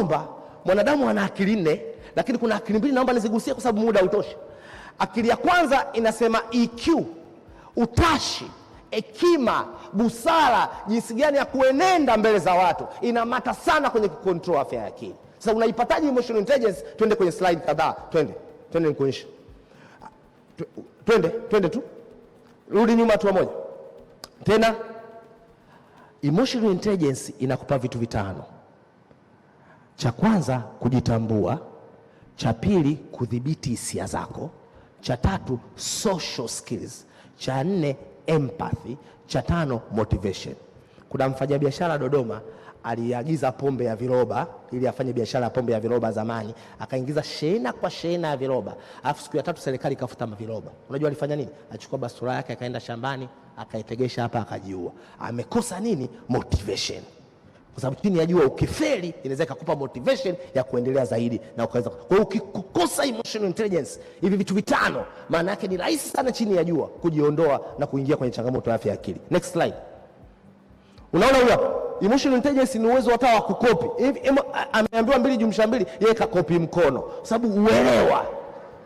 naomba, mwanadamu ana akili nne, lakini kuna akili mbili naomba nizigusie kwa sababu muda hautoshi. Akili ya kwanza inasema EQ, utashi, hekima, busara, jinsi gani ya kuenenda mbele za watu, inamata sana kwenye kucontrol afya ya akili. Sasa unaipataje emotional intelligence? Twende kwenye slide kadhaa, twende twende, nikuonyeshe, twende twende tu, rudi nyuma hatua moja tena. Emotional intelligence inakupa vitu vitano. Cha kwanza kujitambua, cha pili kudhibiti hisia zako, cha tatu social skills, cha nne empathy, cha tano motivation. Kuna mfanyabiashara Dodoma aliagiza pombe ya viroba ili afanye biashara ya pombe ya viroba zamani, akaingiza shehena kwa shehena ya viroba, alafu siku ya tatu serikali ikafuta maviroba. Unajua alifanya nini? Achukua basura yake akaenda shambani akaitegesha hapa akajiua. Amekosa nini? Motivation kwa sababu chini ya jua ukifeli inaweza ikakupa motivation ya kuendelea zaidi na ukaweza. Kwa ukikosa emotional intelligence, hivi vitu vitano, maana yake ni rahisi sana chini ya jua kujiondoa na kuingia kwenye changamoto ya afya ya akili. Next slide. Unaona huyo emotional intelligence ni uwezo hata wa kukopi. Ameambiwa mbili jumsha mbili, yeye kakopi mkono, kwa sababu uelewa.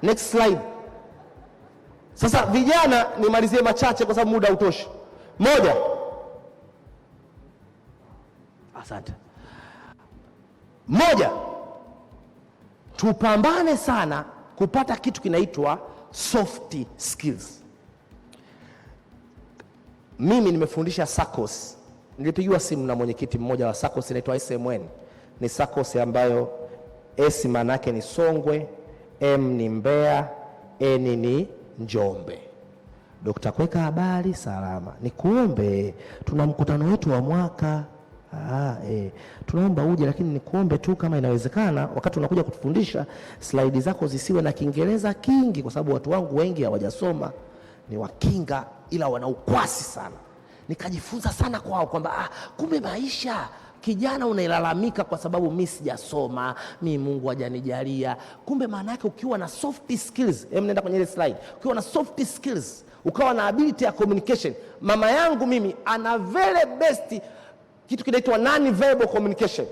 Next slide. Sasa vijana, nimalizie machache kwa sababu muda hautoshi. Moja, Asante. Moja, tupambane sana kupata kitu kinaitwa soft skills. Mimi nimefundisha SACCOS, nilipigiwa simu na mwenyekiti mmoja wa SACCOS inaitwa SMN. Ni SACCOS ambayo S maana yake ni Songwe, M ni Mbeya, N ni Njombe. Dokta Kweka, habari salama. Nikuombe, tuna mkutano wetu wa mwaka Ah, eh, tunaomba uje, lakini nikuombe tu kama inawezekana, wakati unakuja kutufundisha slaidi zako zisiwe na Kiingereza kingi, kwa sababu watu wangu wengi hawajasoma ni Wakinga, ila wana ukwasi sana. Nikajifunza sana kwao kwamba ah, kumbe maisha kijana unailalamika kwa sababu mi sijasoma, mi Mungu hajanijalia. Kumbe maana yake ukiwa na soft skills, hem, nenda kwenye ile slide, ukiwa na soft skills ukawa na ability ya communication. Mama yangu mimi ana very best kitu kinaitwa non verbal communication.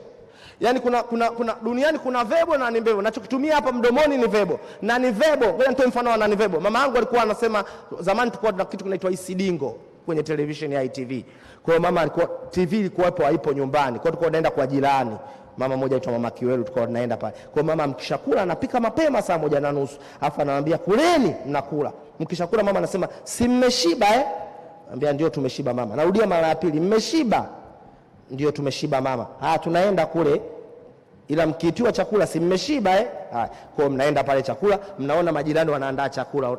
Yaani kuna, kuna, kuna, duniani kuna verbal na non verbal. Nachokitumia hapa mdomoni ni verbal. Na Non verbal, ngoja nitoe mfano wa non verbal. Mama yangu alikuwa anasema zamani tulikuwa tuna kitu kinaitwa isidingo kwenye television ya ITV. Kwa mama alikuwa TV ilikuwa ipo haipo nyumbani. Kwa tulikuwa tunaenda kwa jirani. Mama mmoja aitwa Mama Kiwelu tulikuwa tunaenda pale. Kwa hiyo mama mkishakula anapika mapema saa moja na nusu. Alafu anamwambia kuleni mnakula. Mkishakula mama anasema si mmeshiba eh? Anambia ndio tumeshiba mama. Narudia mara ya pili mmeshiba ndio tumeshiba mama. Haya, tunaenda kule ila mkiitiwa chakula si mmeshiba eh? Kwa mnaenda pale chakula, mnaona majirani wanaandaa chakula.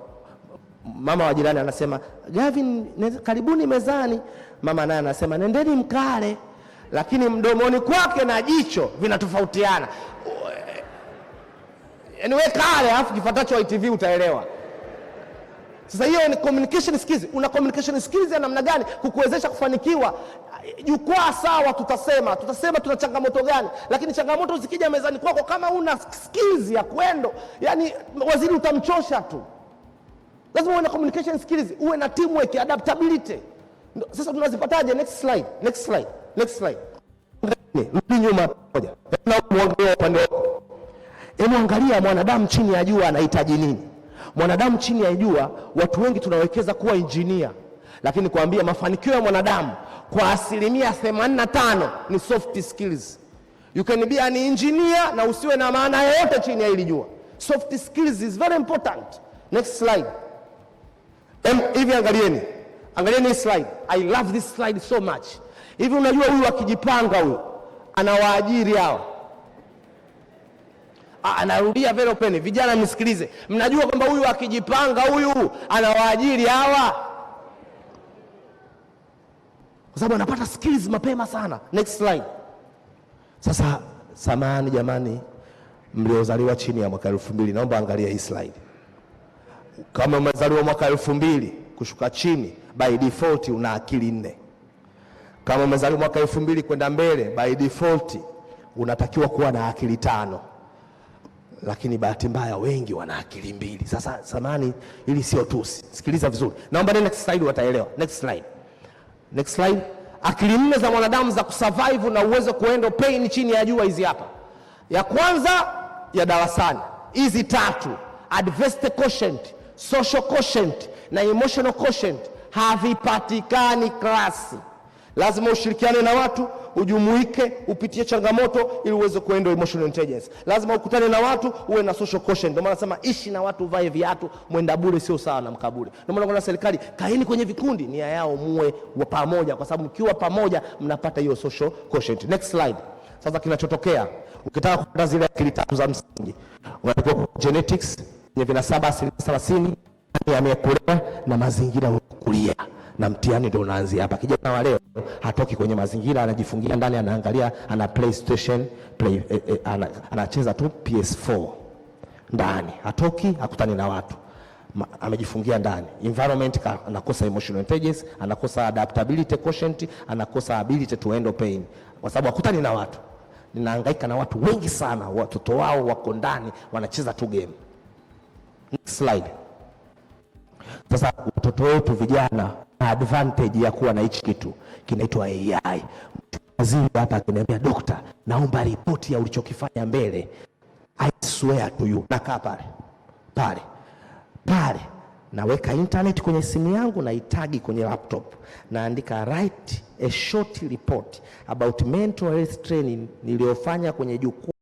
Mama wa jirani anasema Gavin, karibuni mezani. Mama naye anasema nendeni mkale, lakini mdomoni kwake na jicho vinatofautiana. Yaani wewe kale, alafu kifuatacho ITV utaelewa. Sasa hiyo ni communication skills. Una communication skills ya namna gani kukuwezesha kufanikiwa jukwaa sawa, tutasema tutasema tuna changamoto gani, lakini changamoto zikija mezani kwako, kama una skills ya kwendo, yani waziri utamchosha tu. Lazima uwe na communication skills, uwe na teamwork, adaptability. Sasa tunazipataje? Next slide, next slide, next slide. Rudi nyuma moja, muangalie upande wako. Hebu angalia mwanadamu chini ya jua anahitaji nini? Mwanadamu chini ya jua, watu wengi tunawekeza kuwa injinia, lakini kuambia mafanikio ya mwanadamu kwa asilimia 85 ni soft skills. You can be an engineer na usiwe na maana yoyote chini ya hili jua. Soft skills is very important. Next slide. Hivi angalieni, angalieni hii slide. I love this slide so much. Hivi unajua huyu akijipanga huyu anawaajiri hao Anarudia vero peni, vijana msikilize, mnajua kwamba huyu akijipanga huyu anawaajiri hawa sababu anapata skills mapema sana. Next slide. Sasa samani jamani, mliozaliwa chini ya mwaka elfu mbili, naomba angalia hii slide. Kama umezaliwa mwaka elfu mbili kushuka chini, by default una akili nne. Kama umezaliwa mwaka elfu mbili kwenda mbele, by default unatakiwa kuwa na akili tano, lakini bahati mbaya wengi wana akili mbili. Sasa samani, ili sio tusi, sikiliza vizuri, naomba next slide, wataelewa. Next slide. Next slide. Akili nne za mwanadamu za kusurvive na uwezo kuenda pain chini ya jua hizi hapa. Ya kwanza ya darasani, hizi tatu adversity quotient, social quotient na emotional quotient havipatikani klasi. Lazima ushirikiane na watu ujumuike, upitie changamoto ili uweze kuenda emotional intelligence. Lazima ukutane na watu, uwe na social caution. Ndio maana nasema ishi na watu, vae viatu, mwenda bure sio sawa na mkaburi. Ndio maana kuna serikali, kaeni kwenye vikundi, nia yao muwe pamoja, kwa sababu mkiwa pamoja mnapata hiyo social caution. Next slide. Sasa kinachotokea ukitaka kupata zile akili tatu za msingi unatakiwa genetics yenye vinasaba asilimia thelathini, hali yaani ya na mazingira ukulia na mtihani ndio unaanzia hapa. Kijana wa leo hatoki kwenye mazingira, anajifungia ndani, anaangalia, ana PlayStation play, eh, eh, ana, anacheza tu PS4 ndani, hatoki, akutani na watu Ma, amejifungia ndani environment ka, anakosa emotional intelligence, anakosa adaptability quotient, anakosa ability to handle pain, kwa sababu akutani na watu. Ninahangaika na watu wengi sana, watoto wao wako ndani wanacheza tu game. Next slide. Sasa watoto wetu vijana advantage ya kuwa na hichi kitu kinaitwa AI. Waziri hapa akiniambia, dokta, naomba ripoti ya ulichokifanya mbele. I swear to you, nakaa pale pale pale, naweka internet kwenye simu yangu, naitagi kwenye laptop, naandika write a short report about mental health training niliyofanya kwenye jukwaa